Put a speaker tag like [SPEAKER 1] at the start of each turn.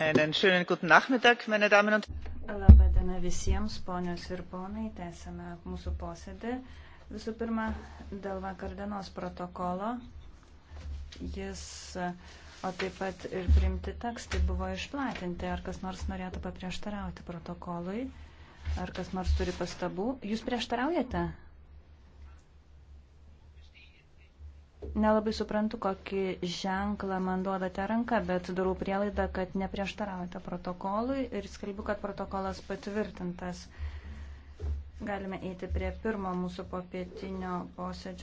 [SPEAKER 1] Einen schönen guten Nachmittag, meine Damen und
[SPEAKER 2] Labą dieną visiems, ponios ir ponai, tęsame mūsų posėdį. Visų pirma, dėl vakar dienos protokolo, jis, o taip pat ir priimti tekstai buvo išplatinti. Ar kas nors norėtų paprieštarauti protokolui, ar kas nors turi pastabų? Jūs prieštaraujate? nelabai suprantu, kokį ženklą man duodate ranką, bet darau prielaidą, kad neprieštaraujate protokolui ir skelbiu, kad protokolas patvirtintas. Galime eiti prie pirmo mūsų popietinio
[SPEAKER 3] posėdžio.